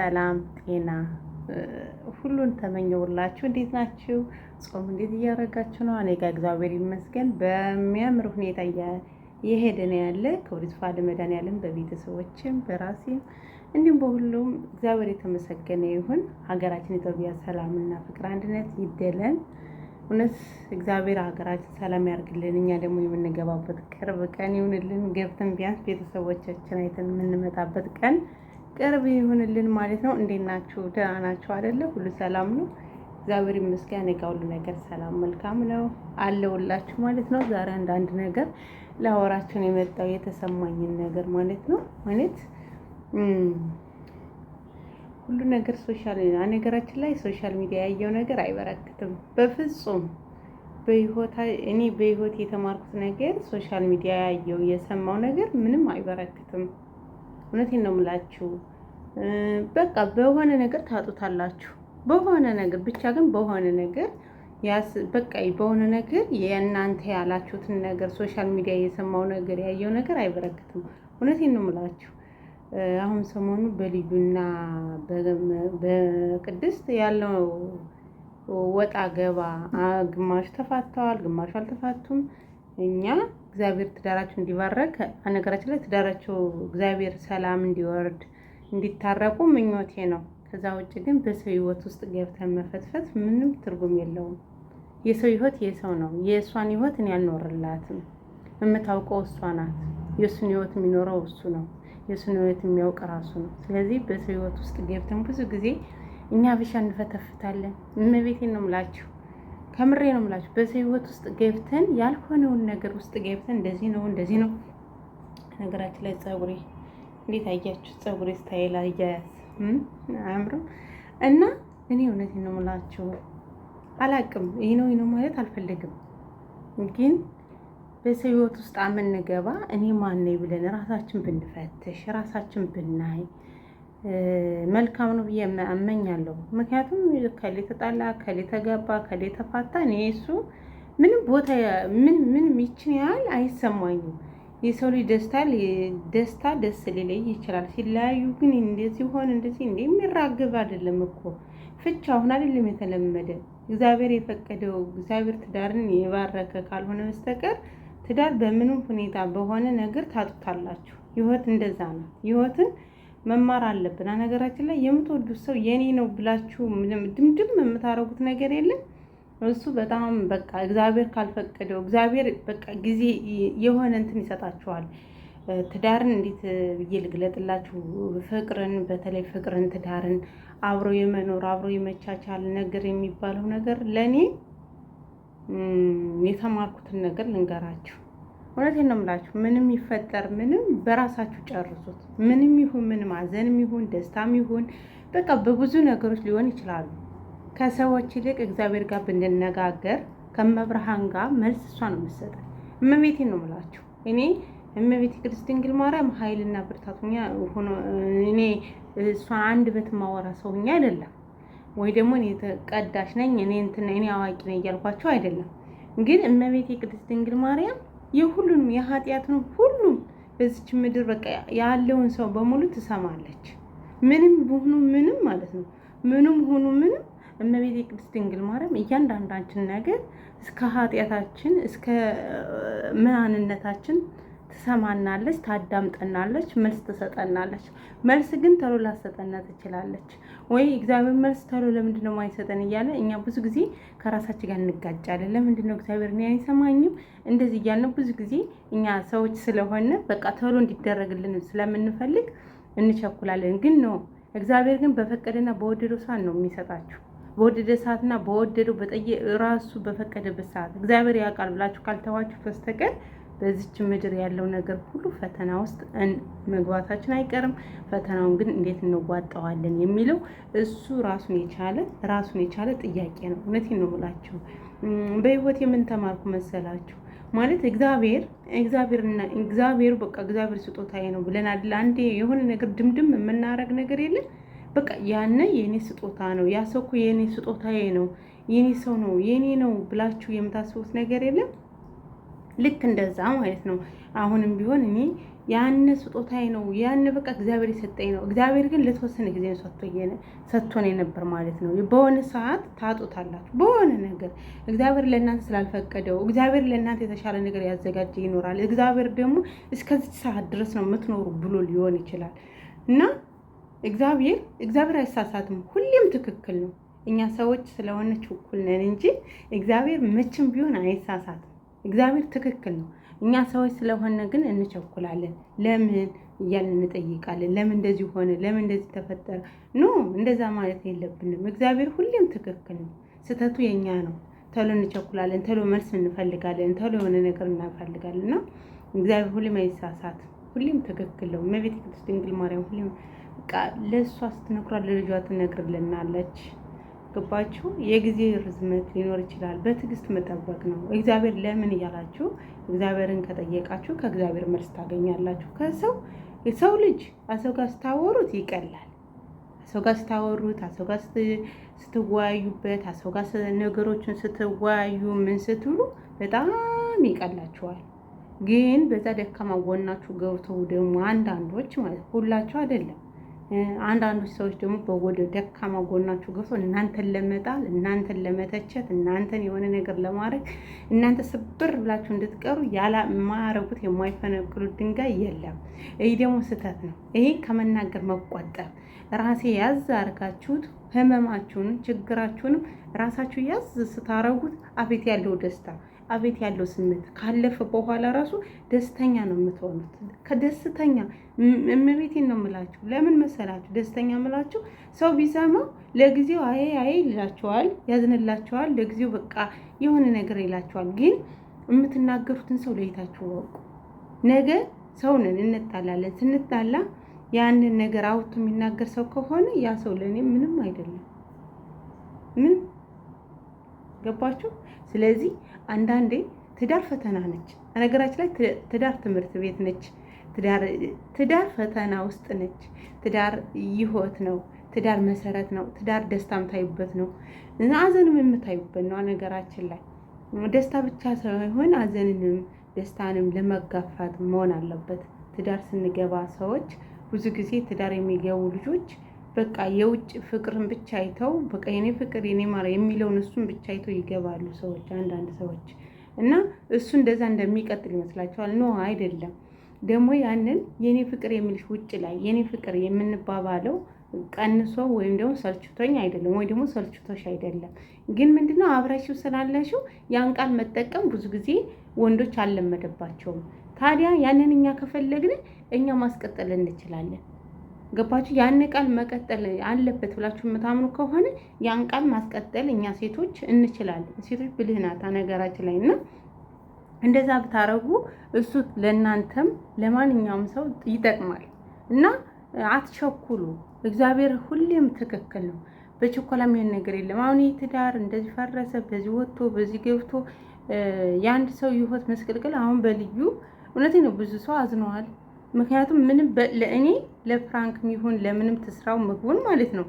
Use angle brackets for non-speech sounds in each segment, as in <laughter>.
ሰላም ጤና ሁሉን ተመኘውላችሁ። እንዴት ናችሁ? ጾም እንዴት እያደረጋችሁ ነው? እኔ ጋር እግዚአብሔር ይመስገን በሚያምር ሁኔታ እየሄደን ነው ያለ። ከወዲት ፋለ ያለን በቤተሰቦችም በራሴም እንዲሁም በሁሉም እግዚአብሔር የተመሰገነ ይሁን። ሀገራችን ኢትዮጵያ ሰላምና ፍቅር አንድነት ይደለን። እውነት እግዚአብሔር ሀገራችን ሰላም ያርግልን። እኛ ደግሞ የምንገባበት ቅርብ ቀን ይሁንልን። ገብተን ቢያንስ ቤተሰቦቻችን አይተን የምንመጣበት ቀን ቅርብ ይሁንልን ማለት ነው። እንዴት ናችሁ? ደህና ናችሁ አይደለ? ሁሉ ሰላም ነው? እግዚአብሔር ይመስገን። እኔ ሁሉ ነገር ሰላም መልካም ነው አለውላችሁ ማለት ነው። ዛሬ አንዳንድ ነገር ለአወራችን የመጣው የተሰማኝን ነገር ማለት ነው። ማለት ሁሉ ነገር ሶሻል ነገራችን ላይ ሶሻል ሚዲያ ያየው ነገር አይበረክትም በፍጹም በህይወታ እኔ በህይወት የተማርኩት ነገር ሶሻል ሚዲያ ያየው የሰማው ነገር ምንም አይበረክትም። እውነቴን ነው የምላችሁ። በቃ በሆነ ነገር ታጡታላችሁ። በሆነ ነገር ብቻ ግን በሆነ ነገር ያስ በቃ በሆነ ነገር የእናንተ ያላችሁትን ነገር ሶሻል ሚዲያ የሰማው ነገር ያየው ነገር አይበረክትም። እውነቴን ነው የምላችሁ። አሁን ሰሞኑ በልዩና በቅድስት ያለው ወጣ ገባ፣ ግማሹ ተፋተዋል፣ ግማሹ አልተፋቱም። እኛ እግዚአብሔር ትዳራቸው እንዲባረክ ነገራችን ላይ ትዳራቸው እግዚአብሔር ሰላም እንዲወርድ እንዲታረቁ ምኞቴ ነው። ከዛ ውጭ ግን በሰው ህይወት ውስጥ ገብተን መፈትፈት ምንም ትርጉም የለውም። የሰው ህይወት የሰው ነው። የእሷን ህይወት እኔ አልኖርላትም። የምታውቀው እሷ ናት። የእሱን ህይወት የሚኖረው እሱ ነው። የእሱን ህይወት የሚያውቅ ራሱ ነው። ስለዚህ በሰው ህይወት ውስጥ ገብተን ብዙ ጊዜ እኛ ብሻ እንፈተፍታለን። እመቤቴ ነው የምላችሁ፣ ከምሬ ነው የምላችሁ። በሰው ህይወት ውስጥ ገብተን ያልሆነውን ነገር ውስጥ ገብተን እንደዚህ ነው እንደዚህ ነው። ነገራችን ላይ ፀጉሬ እንዴት አያችሁ? ፀጉር ስታይል አያያዝ አያምርም? እና እኔ እውነት ነው የምላችሁ አላቅም። ይህ ነው ነው ማለት አልፈልግም፣ ግን በሰው ህይወት ውስጥ አምንገባ እኔ ማን ነኝ ብለን ራሳችን ብንፈትሽ ራሳችን ብናይ መልካም ነው ብዬ አመኛለሁ። ምክንያቱም ከሌ ተጣላ፣ ከሌ ተገባ ከሌ ተፋታ እኔ እሱ ምንም ቦታ ምን ምን ይችን ያህል አይሰማኝም። የሰው ልጅ ደስታ ደስታ ደስ ሊለይ ይችላል። ሲለያዩ ግን እንደዚህ ሲሆን እንደዚህ እንደ የሚራገብ አይደለም እኮ ፍቻ አሁን አይደለም የተለመደ። እግዚአብሔር የፈቀደው እግዚአብሔር ትዳርን የባረከ ካልሆነ በስተቀር ትዳር በምንም ሁኔታ በሆነ ነገር ታጡታላችሁ። ህይወት እንደዛ ነው። ህይወትን መማር አለብን። ነገራችን ላይ የምትወዱት ሰው የኔ ነው ብላችሁ ድምድም የምታደርጉት ነገር የለም። እሱ በጣም በቃ እግዚአብሔር ካልፈቀደው እግዚአብሔር በቃ ጊዜ የሆነ እንትን ይሰጣችኋል። ትዳርን እንዴት ብዬ ልግለጥላችሁ? ፍቅርን በተለይ ፍቅርን፣ ትዳርን አብሮ የመኖር አብሮ የመቻቻል ነገር የሚባለው ነገር ለእኔ የተማርኩትን ነገር ልንገራችሁ። እውነቴን ነው የምላችሁ። ምንም ይፈጠር ምንም በራሳችሁ ጨርሱት። ምንም ይሁን ምንም፣ ሀዘንም ይሁን ደስታም ይሁን በቃ በብዙ ነገሮች ሊሆን ይችላሉ ከሰዎች ይልቅ እግዚአብሔር ጋር ብንነጋገር ከመብርሃን ጋር መልስ እሷ ነው የምትሰጠን። እመቤቴ ነው የምላችሁ እኔ እመቤቴ ቅድስት ድንግል ማርያም ኃይልና ብርታት ሆኖ እኔ እሷን አንድ በት ማወራ ሰውኛ አይደለም ወይ ደግሞ እኔ ተቀዳሽ ነኝ እኔ እንትን እኔ አዋቂ ነኝ እያልኳቸው አይደለም። ግን እመቤቴ ቅድስት ድንግል ማርያም የሁሉንም የኃጢአትን ሁሉም በዚች ምድር በቃ ያለውን ሰው በሙሉ ትሰማለች። ምንም ሆኑ ምንም ማለት ነው ምንም ሆኑ ምንም እመቤቴ ቅድስት ድንግል ማርያም እያንዳንዳችን ነገር እስከ ኃጢአታችን እስከ ምናንነታችን ትሰማናለች፣ ታዳምጠናለች፣ መልስ ትሰጠናለች። መልስ ግን ተሎ ላሰጠና ትችላለች ወይ እግዚአብሔር መልስ ተሎ ለምንድን ነው ማይሰጠን እያለ እኛ ብዙ ጊዜ ከራሳችን ጋር እንጋጫለን። ለምንድን ነው እግዚአብሔር እኔ አይሰማኝም እንደዚህ እያልን ብዙ ጊዜ እኛ ሰዎች ስለሆነ በቃ ተሎ እንዲደረግልን ስለምንፈልግ እንቸኩላለን። ግን ነው እግዚአብሔር ግን በፈቀደና በወደደው ሰዓት ነው የሚሰጣችሁ። በወደደ ሰዓትና በወደደው በጠየ ራሱ በፈቀደበት ሰዓት እግዚአብሔር ያውቃል ብላችሁ ካልተዋችሁ በስተቀር በዚች ምድር ያለው ነገር ሁሉ ፈተና ውስጥ መግባታችን አይቀርም። ፈተናውን ግን እንዴት እንዋጠዋለን የሚለው እሱ ራሱን የቻለ ራሱን የቻለ ጥያቄ ነው። እውነት ነው የምላችሁ። በህይወት የምን ተማርኩ መሰላችሁ? ማለት እግዚአብሔር እግዚአብሔርና እግዚአብሔር በቃ እግዚአብሔር ስጦታዬ ነው ብለናል። አንዴ የሆነ ነገር ድምድም የምናረግ ነገር የለም በቃ ያነ የኔ ስጦታ ነው፣ ያ ሰው እኮ የኔ ስጦታዬ ነው፣ የኔ ሰው ነው፣ የኔ ነው ብላችሁ የምታስቡት ነገር የለም። ልክ እንደዛ ማለት ነው። አሁንም ቢሆን እኔ ያን ስጦታዬ ነው ያን በቃ እግዚአብሔር የሰጠኝ ነው። እግዚአብሔር ግን ለተወሰነ ጊዜ ሰጥቶን የነበር ማለት ነው። በሆነ ሰዓት ታጡታላችሁ። በሆነ ነገር እግዚአብሔር ለእናንተ ስላልፈቀደው እግዚአብሔር ለእናንተ የተሻለ ነገር ያዘጋጀ ይኖራል። እግዚአብሔር ደግሞ እስከዚች ሰዓት ድረስ ነው የምትኖሩ ብሎ ሊሆን ይችላል እና እግዚአብሔር እግዚአብሔር አይሳሳትም፣ ሁሌም ትክክል ነው። እኛ ሰዎች ስለሆነች ችኩል ነን እንጂ እግዚአብሔር መቼም ቢሆን አይሳሳትም። እግዚአብሔር ትክክል ነው። እኛ ሰዎች ስለሆነ ግን እንቸኩላለን። ለምን እያልን እንጠይቃለን። ለምን እንደዚህ ሆነ? ለምን እንደዚህ ተፈጠረ? ኖ እንደዛ ማለት የለብንም። እግዚአብሔር ሁሌም ትክክል ነው። ስህተቱ የኛ ነው። ተሎ እንቸኩላለን፣ ተሎ መልስ እንፈልጋለን፣ ተሎ የሆነ ነገር እናፈልጋለን እና እግዚአብሔር ሁሌም አይሳሳትም። ሁሌም ትክክል ነው። እመቤት ቅድስት ድንግል ማርያም ሁሌም በቃ ለእሷ ስትነግሯት ለልጇ ትነግርልናለች። ገባችሁ? የጊዜ ርዝመት ሊኖር ይችላል። በትዕግስት መጠበቅ ነው። እግዚአብሔር ለምን እያላችሁ እግዚአብሔርን ከጠየቃችሁ ከእግዚአብሔር መልስ ታገኛላችሁ። ከሰው የሰው ልጅ አሰው ጋር ስታወሩት ይቀላል። አሰው ጋር ስታወሩት፣ አሰው ጋር ስትወያዩበት፣ አሰው ጋር ነገሮችን ስትወያዩ ምን ስትሉ በጣም ይቀላችኋል። ግን በዛ ደካማ ጎናችሁ ገብተው ደግሞ አንዳንዶች ማለት ሁላችሁ አይደለም አንዳንዶች ሰዎች ደግሞ በወደ ደካማ ጎናችሁ ገብቶ እናንተን ለመጣል እናንተን ለመተቸት እናንተን የሆነ ነገር ለማድረግ እናንተ ስብር ብላችሁ እንድትቀሩ የማያረጉት የማይፈነቅሉት ድንጋይ የለም። ይህ ደግሞ ስህተት ነው። ይሄ ከመናገር መቆጠብ ራሴ ያዝ አድርጋችሁት ህመማችሁንም ችግራችሁንም ራሳችሁ ያዝ ስታረጉት አቤት ያለው ደስታ አቤት ያለው ስሜት ካለፈ በኋላ ራሱ ደስተኛ ነው የምትሆኑት። ከደስተኛ እምቤቴን ነው የምላችሁ። ለምን መሰላችሁ? ደስተኛ የምላችሁ ሰው ቢሰማ ለጊዜው አይ አይ ይላችኋል፣ ያዝንላችኋል፣ ለጊዜው በቃ የሆነ ነገር ይላችኋል። ግን የምትናገሩትን ሰው ለይታችሁ ወቁ። ነገ ነን፣ እንጣላለን። ስንጣላ ያንን ነገር አውቶ የሚናገር ሰው ከሆነ ያ ሰው ለእኔ ምንም አይደለም ምን ገባችሁ? ስለዚህ አንዳንዴ ትዳር ፈተና ነች። ነገራችን ላይ ትዳር ትምህርት ቤት ነች። ትዳር ፈተና ውስጥ ነች። ትዳር ይሆት ነው። ትዳር መሰረት ነው። ትዳር ደስታ የምታዩበት ነው፣ አዘንም የምታዩበት ነው። ነገራችን ላይ ደስታ ብቻ ሳይሆን አዘንንም ደስታንም ለመጋፋት መሆን አለበት። ትዳር ስንገባ ሰዎች ብዙ ጊዜ ትዳር የሚገቡ ልጆች በቃ የውጭ ፍቅርን ብቻ አይተው በቃ የኔ ፍቅር የኔ ማራ የሚለውን እሱን ብቻ አይተው ይገባሉ ሰዎች፣ አንዳንድ ሰዎች እና እሱ እንደዛ እንደሚቀጥል ይመስላቸዋል። ኖ አይደለም። ደግሞ ያንን የኔ ፍቅር የሚልሽ ውጭ ላይ የኔ ፍቅር የምንባባለው ቀንሶ ወይም ደግሞ ሰልችቶኝ አይደለም፣ ወይ ደግሞ ሰልችቶሽ አይደለም። ግን ምንድነው አብረሽው ስላለሽው ያን ቃል መጠቀም ብዙ ጊዜ ወንዶች አልለመደባቸውም። ታዲያ ያንን እኛ ከፈለግን እኛ ማስቀጠል እንችላለን። ገባችሁ? ያን ቃል መቀጠል አለበት ብላችሁ የምታምኑ ከሆነ ያን ቃል ማስቀጠል እኛ ሴቶች እንችላለን። ሴቶች ብልህ ነገራችን ላይ እና እንደዛ ብታረጉ እሱ ለእናንተም ለማንኛውም ሰው ይጠቅማል እና አትቸኩሉ። እግዚአብሔር ሁሌም ትክክል ነው። በችኮላ የሚሆን ነገር የለም። አሁን ይህ ትዳር እንደዚህ ፈረሰ፣ በዚህ ወጥቶ፣ በዚህ ገብቶ የአንድ ሰው ህይወት መስቀልቅል አሁን በልዩ እውነቴ ነው ብዙ ሰው አዝነዋል። ምክንያቱም ምንም ለእኔ ለፍራንክ ይሁን ለምንም ትስራው ምግቡን ማለት ነው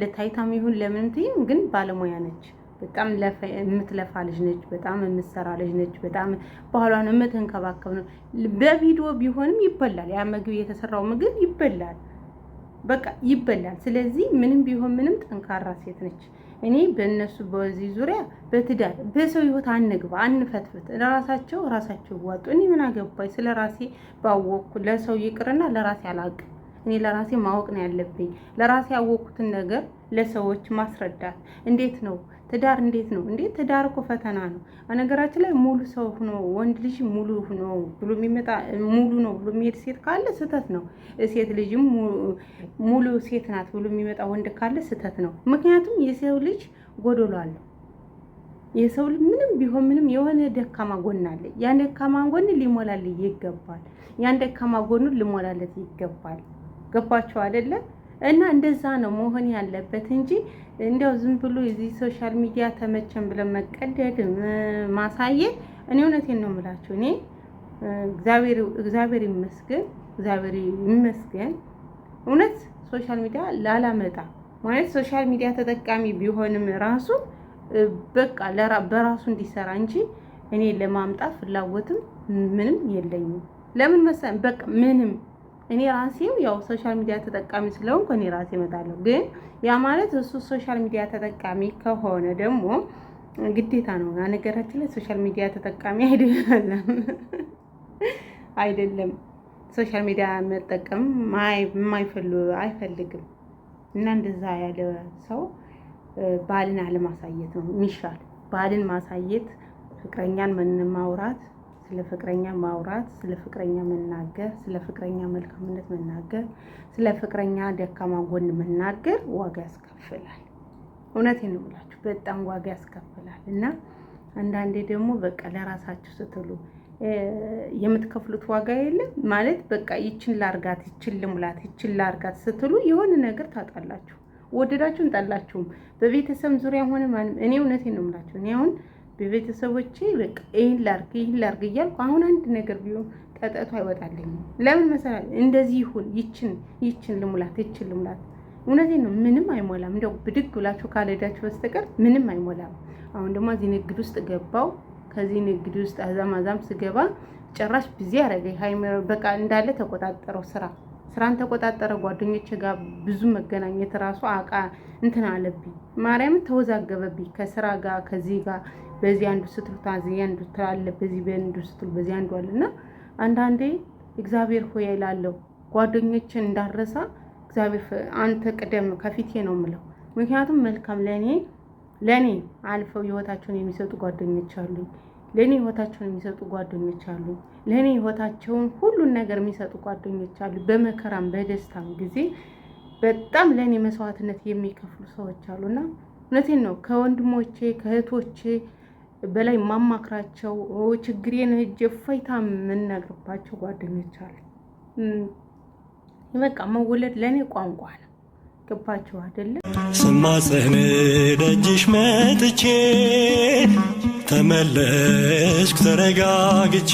ለታይታም ይሁን ለምንም ትይም ግን ባለሙያ ነች። በጣም የምትለፋ ልጅ ነች። በጣም የምትሰራ ልጅ ነች። በጣም ባህሏን የምትንከባከብ ነው። በቪዲዮ ቢሆንም ይበላል። ያ ምግብ የተሰራው ምግብ ይበላል፣ በቃ ይበላል። ስለዚህ ምንም ቢሆን ምንም ጠንካራ ሴት ነች። እኔ በእነሱ በዚህ ዙሪያ በትዳር በሰው ህይወት አንግባ፣ አንፈትፍት። ለራሳቸው ራሳቸው ይዋጡ። እኔ ምን አገባኝ? ስለ ራሴ ባወቅኩ ለሰው ይቅርና ለራሴ አላቅም። እኔ ለራሴ ማወቅ ነው ያለብኝ። ለራሴ ያወቅኩትን ነገር ለሰዎች ማስረዳት እንዴት ነው ትዳር እንዴት ነው እንዴት ትዳር እኮ ፈተና ነው። ነገራችን ላይ ሙሉ ሰው ሆኖ ወንድ ልጅ ሙሉ ሆኖ ብሎ የሚመጣ ሙሉ ነው ብሎ የሚሄድ ሴት ካለ ስህተት ነው። ሴት ልጅም ሙሉ ሴት ናት ብሎ የሚመጣ ወንድ ካለ ስህተት ነው። ምክንያቱም የሰው ልጅ ጎዶሎ አለው። የሰው ልጅ ምንም ቢሆን ምንም የሆነ ደካማ ጎን አለ። ያን ደካማ ጎን ሊሞላል ይገባል። ያን ደካማ ጎኑን ልሞላለት ይገባል። ገባቸው አይደለም? እና እንደዛ ነው መሆን ያለበት እንጂ እንዲያው ዝም ብሎ የዚህ ሶሻል ሚዲያ ተመቸን ብለን መቀደድ ማሳየ እኔ እውነቴን ነው የምላችሁ። እኔ እግዚአብሔር ይመስገን እግዚአብሔር ይመስገን እውነት ሶሻል ሚዲያ ላላመጣ ማለት ሶሻል ሚዲያ ተጠቃሚ ቢሆንም ራሱ በቃ በራሱ እንዲሰራ እንጂ እኔ ለማምጣት ፍላጎትም ምንም የለኝም። ለምን መሰለኝ በቃ ምንም እኔ ራሴው ያው ሶሻል ሚዲያ ተጠቃሚ ስለሆንኩ እኔ ራሴ እመጣለሁ። ግን ያ ማለት እሱ ሶሻል ሚዲያ ተጠቃሚ ከሆነ ደግሞ ግዴታ ነው። ነገራችን ላይ ሶሻል ሚዲያ ተጠቃሚ አይደለም <laughs> አይደለም ሶሻል ሚዲያ መጠቀም አይፈልግም። እና እንደዛ ያለ ሰው ባልን አለማሳየት ነው የሚሻል። ባልን ማሳየት፣ ፍቅረኛን ማውራት ስለ ፍቅረኛ ማውራት፣ ስለ ፍቅረኛ መናገር፣ ስለ ፍቅረኛ መልካምነት መናገር፣ ስለ ፍቅረኛ ደካማ ጎን መናገር ዋጋ ያስከፍላል። እውነቴን ነው የምላችሁ፣ በጣም ዋጋ ያስከፍላል። እና አንዳንዴ ደግሞ በቃ ለራሳችሁ ስትሉ የምትከፍሉት ዋጋ የለም ማለት በቃ ይችን ላርጋት፣ ይችን ልሙላት፣ ይችን ላርጋት ስትሉ የሆነ ነገር ታጣላችሁ። ወደዳችሁም ጠላችሁም በቤተሰብ ዙሪያ ሆነ ማንም እኔ እውነቴን ነው የምላችሁ እኔ አሁን በቤተሰቦቼ በቃ ይህን ላርግ ይህን ላርግ እያልኩ አሁን አንድ ነገር ቢሆን ጠጠቱ አይወጣልኝም። ለምን መሰላል እንደዚህ ይሁን ይችን ይችን ልሙላት ይችን ልሙላት። እውነቴን ነው ምንም አይሞላም። እንደው ብድግ ብላችሁ ካልሄዳችሁ በስተቀር ምንም አይሞላም። አሁን ደግሞ እዚህ ንግድ ውስጥ ገባው። ከዚህ ንግድ ውስጥ አዛም አዛም ስገባ ጭራሽ ብዚ ያደረገኝ ሀይምሮ በቃ እንዳለ ተቆጣጠረው። ስራ ስራን ተቆጣጠረ። ጓደኞቼ ጋር ብዙ መገናኘት ራሱ አቃ እንትን አለብኝ። ማርያም ተወዛገበብኝ ከስራ ጋር ከዚህ ጋር በዚህ አንዱ ስትል አዚህ አንዱ አለ፣ በዚህ በአንዱ ስትል በዚህ አንዱ አለ እና አንዳንዴ እግዚአብሔር ሆይ እላለሁ ጓደኞችን እንዳረሳ እግዚአብሔር አንተ ቅደም ከፊቴ ነው የምለው። ምክንያቱም መልካም ለእኔ ለእኔ አልፈው ህይወታቸውን የሚሰጡ ጓደኞች አሉ ለእኔ ህይወታቸውን የሚሰጡ ጓደኞች አሉ ለእኔ ህይወታቸውን ሁሉን ነገር የሚሰጡ ጓደኞች አሉ። በመከራም በደስታም ጊዜ በጣም ለእኔ መስዋዕትነት የሚከፍሉ ሰዎች አሉና እውነቴን ነው ከወንድሞቼ ከእህቶቼ በላይ ማማክራቸው ችግሬን ሂጄ ፋይታ የምነግርባቸው ጓደኞች አሉ። በቃ መወለድ ለእኔ ቋንቋ ነው። ገባችሁ አይደለም? ስማጽን ደጅሽ መጥቼ ተመለስኩ ተረጋግቼ